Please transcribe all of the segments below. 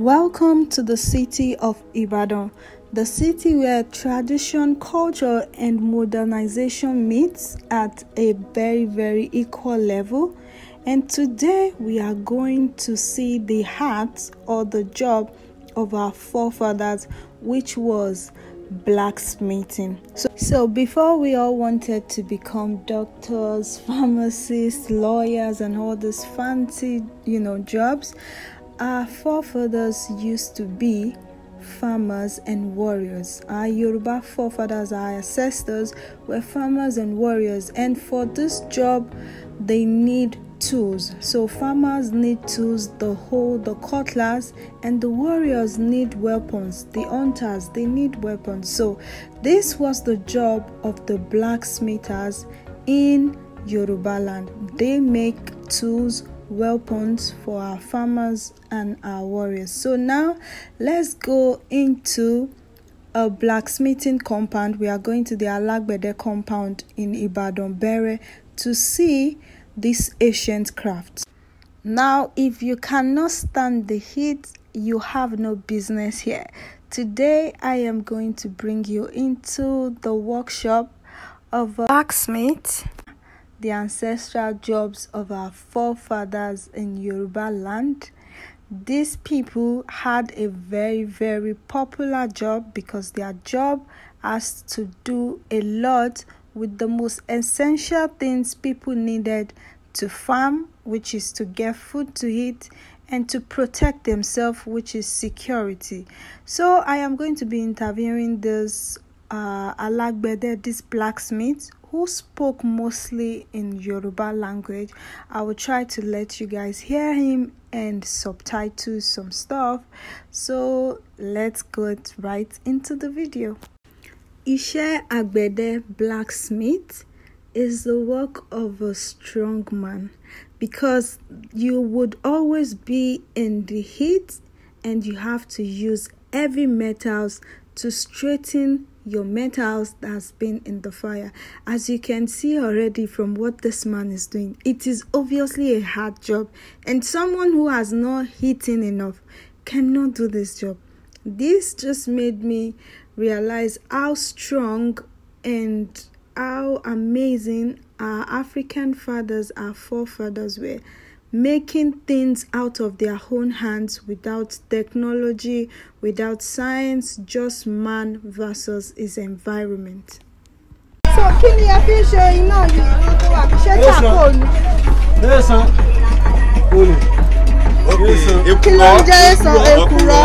Welcome to the city of Ibadan, the city where tradition, culture, and modernization meets at a very, very equal level. And today we are going to see the heart or the job of our forefathers, which was blacksmithing. So, so before we all wanted to become doctors, pharmacists, lawyers, and all these fancy, you know, jobs, our forefathers used to be farmers and warriors. Our Yoruba forefathers, our ancestors, were farmers and warriors, and for this job, they need tools. So, farmers need tools, the hoe, the cutlass, and the warriors need weapons. The hunters, they need weapons. So, this was the job of the blacksmithers in Yoruba land. They make tools weapons for our farmers and our warriors. So now let's go into a blacksmithing compound. We are going to the Alagbede compound in Ibadan Bere to see this ancient craft. Now, if you cannot stand the heat, you have no business here. Today, I am going to bring you into the workshop of a blacksmith the ancestral jobs of our forefathers in Yoruba land. These people had a very, very popular job because their job has to do a lot with the most essential things people needed to farm, which is to get food to eat, and to protect themselves, which is security. So, I am going to be interviewing these uh, Alagbede, this blacksmith, who spoke mostly in Yoruba language. I will try to let you guys hear him and subtitle some stuff. So let's get right into the video. Ishe Agbede blacksmith is the work of a strong man because you would always be in the heat and you have to use heavy metals to straighten your metals that's been in the fire. As you can see already from what this man is doing, it is obviously a hard job, and someone who has not eaten enough cannot do this job. This just made me realize how strong and how amazing our African fathers, our forefathers were. making things out of their own hands without technology, without science, just man versus his environment. So, kí ni ẹ fi ń ṣe iná yìí tó wà? Ṣé tàkó ni? Bẹ́ẹ̀ san, o lè. Kí ló ń jẹ́ san èkùrọ́?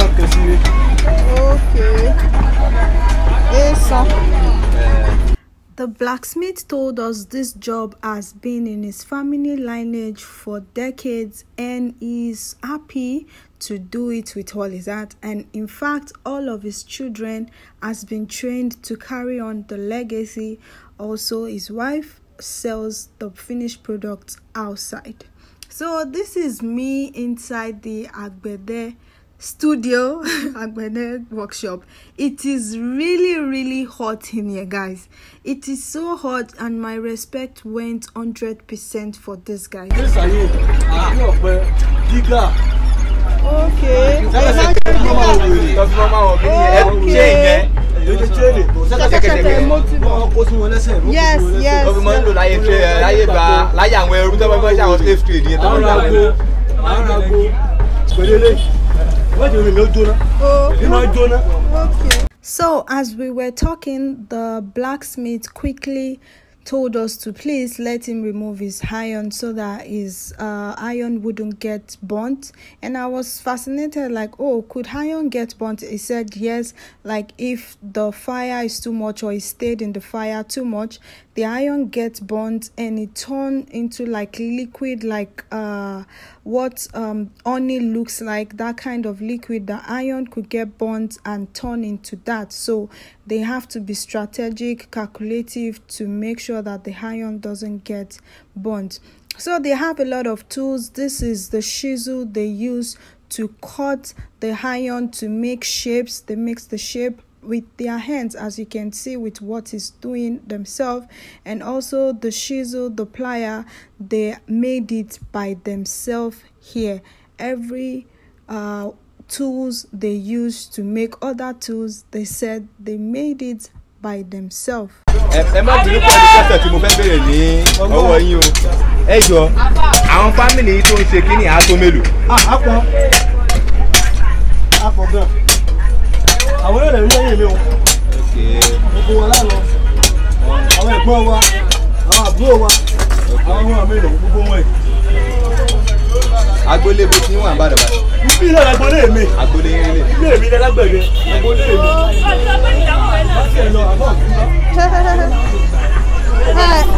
Ókè. Ókè. Èèsàn. The blacksmith told us this job has been in his family lineage for decades and is happy to do it with all his heart and in fact all of his children has been trained to carry on the legacy also his wife sells the finished products outside so this is me inside the agbede studio Agbene workshop. It is really, really hot in here, guys. It is so hot, and my respect went 100% for this guy. Ah. Okay. okay. Yes, yes. yes. Oh, so, as we were talking, the blacksmith quickly told us to please let him remove his iron so that his uh, iron wouldn't get burnt and i was fascinated like oh could iron get burnt he said yes like if the fire is too much or he stayed in the fire too much the iron gets burnt and it turned into like liquid like uh what um, honey looks like, that kind of liquid, the iron could get burnt and turn into that. So they have to be strategic, calculative to make sure that the iron doesn't get burnt. So they have a lot of tools. This is the chisel they use to cut the iron to make shapes. They make the shape with their hands as you can see with what is doing themselves and also the chisel the plier they made it by themselves here every uh, tools they used to make other tools they said they made it by themselves. ẹ má bínú pẹ̀lú pẹ̀sẹ̀ tí mo fẹ́ béèrè ní ọwọ́ yín o ẹ jọ àwọn fámìlì yìí tó ń ṣe kínní àá tó mélòó. Ah, àpọ̀ àpọ̀ àwọn yóò lè rí lẹ́yìn mi o gbogbo wa lánàá àwọn ẹ̀gbọ́n wa àwọn àbúrò wa àwọn ọmọ mi rò gbogbo wọn yìí. bó ti ń wà bàdàbà. ibi náà agboolé mi. agboolé yín lè. ilé mi lálágbẹ̀dẹ agboolé mi.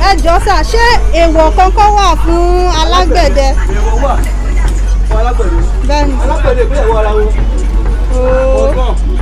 ẹ jọ sà ṣé èèwọ̀ kankan wà fún alágbẹ̀dẹ. èèwọ̀ wà fún alágbẹ̀dẹ. bẹ́ẹ̀ni. alágbẹ̀dẹ ìpínlẹ̀ wọ ara wọn. ọgbọ́n.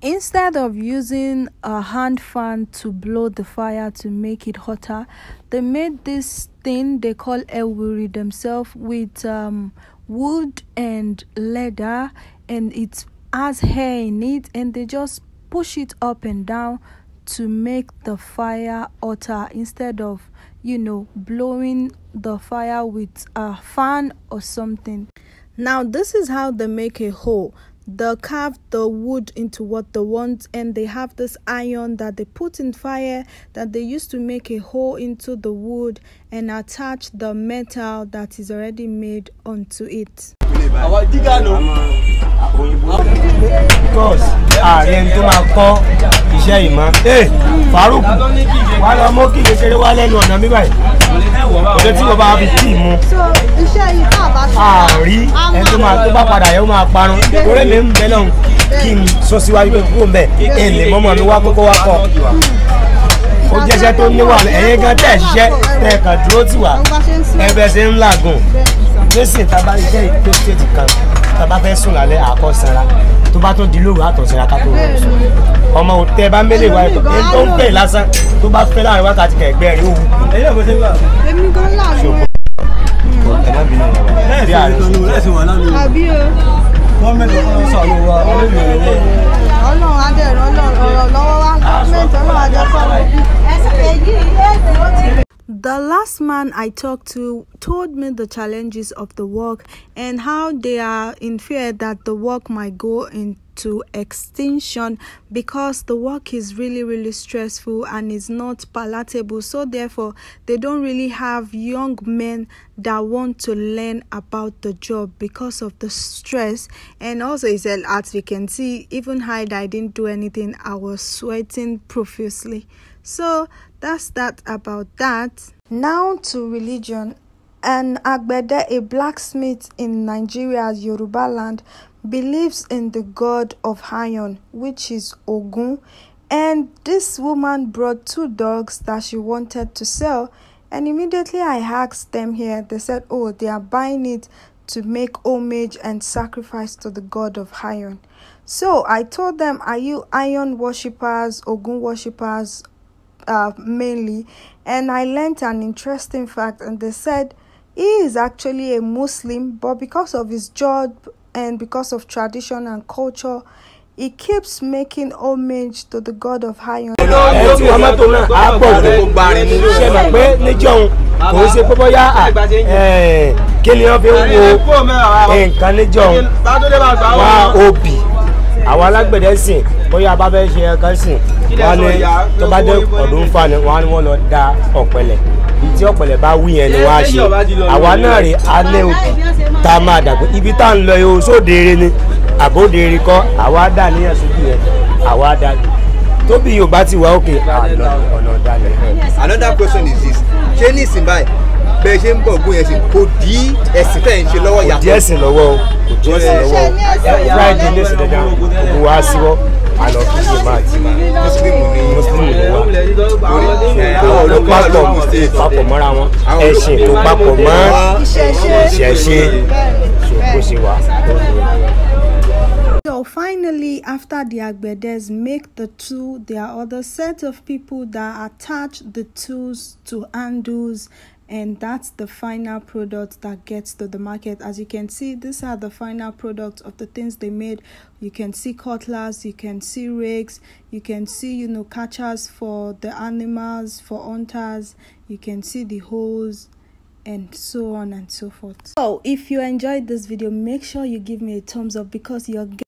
Instead of using a hand fan to blow the fire to make it hotter, they made this thing they call elwuri themselves with um, wood and leather, and it has hair in it, and they just push it up and down to make the fire hotter instead of you know blowing the fire with a fan or something. Now, this is how they make a hole. They carve the wood into what they want, and they have this iron that they put in fire that they use to make a hole into the wood and attach the metal that is already made onto it. Ah, tó máa tó bá padà yẹn ó máa parun orí mi ń bẹ lọ́hùn kí n sọ síwájú pé kúrò ń bẹ̀ ẹ̀ lè mọ́mọ́ mi wá kókó wá kọ́ ó jẹ́sẹ́ tó níwà ẹ̀yin gan tẹ̀ ṣiṣẹ́ tẹ̀ kàn dúró tì wá ẹbẹ̀ ṣe ń làgùn lẹ́sìn tábà jẹ́ ìpè stéèjì kan tábà fẹ́ sùn lálẹ́ àkọsanra tó bá tó di lóru àtọ̀sẹ̀ra ká tó rọrùn sùn ọmọ òtẹ́ bá mélé wa ẹ̀tọ́ ẹni tó ń pè lásán tó bá fẹ́ láàrin wákàtí kẹ̀gbẹ́ rẹ̀ ó wù kù. The last man I talked to told me the challenges of the work and how they are in fear that the work might go in to extinction because the work is really really stressful and is not palatable so therefore they don't really have young men that want to learn about the job because of the stress and also he said as we can see even hide i didn't do anything i was sweating profusely so that's that about that now to religion an agbede a blacksmith in nigeria's yoruba land believes in the god of Hayon, which is Ogun, and this woman brought two dogs that she wanted to sell. And immediately I asked them here, they said, Oh, they are buying it to make homage and sacrifice to the god of Hayon. So I told them, Are you Iron worshippers, Ogun worshippers uh, mainly? And I learnt an interesting fact, and they said, he is actually a Muslim, but because of his job and because of tradition and culture he keeps making homage to the god of high ẹ kò ṣe pé bóyá kí ni wọ́n fi ń wo nǹkan níjọ́un wá obì àwọn alágbẹ̀dẹ sìn bóyá bá fẹ́ ṣe ẹ̀kan sìn wọ́n ní tó bá dé ọ̀dún fani wọ́n ní wọ́n lọ da ọ̀pẹ̀lẹ̀ tí ọ̀pẹ̀lẹ̀ bá wí yẹn ni wọ́n ṣe àwa náà rè alẹ́ òkè tá a máa dàgbé ibi tá à ń lọ yòó sódeere ni àbódeere kọ́ àwa dà níyàn sókè yẹn àwa dà tóbi yorùbá ti wà òkè àlọ́ ọ̀nà ọ̀dàlẹ̀. another question is this ṣé ní ìsìn báyìí bẹ́ẹ̀ ṣe ń bọ̀ gún yẹn sí kò dí ẹ̀sìn tẹ̀ ń ṣe lọ́wọ́ yàtọ̀. kò dí ẹ̀sìn lọ́wọ́ o kò dí ẹ̀sìn lọ́wọ́ o friday ní ìsìn dandan gbogbo wa síwọ́ àlọ́ kìí ṣe máa ti muslim ni wa tó papọ̀ papọ̀ mọ́ra wọn ẹ̀sìn tó papọ̀ mọ́ ìṣẹ̀ṣe ṣòkó sí wa. So finally, after the Agbedes make the tool, there are other set of people that attach the tools to handles and that's the final product that gets to the market as you can see these are the final products of the things they made you can see cutlass you can see rakes you can see you know catchers for the animals for hunters you can see the holes and so on and so forth so if you enjoyed this video make sure you give me a thumbs up because you're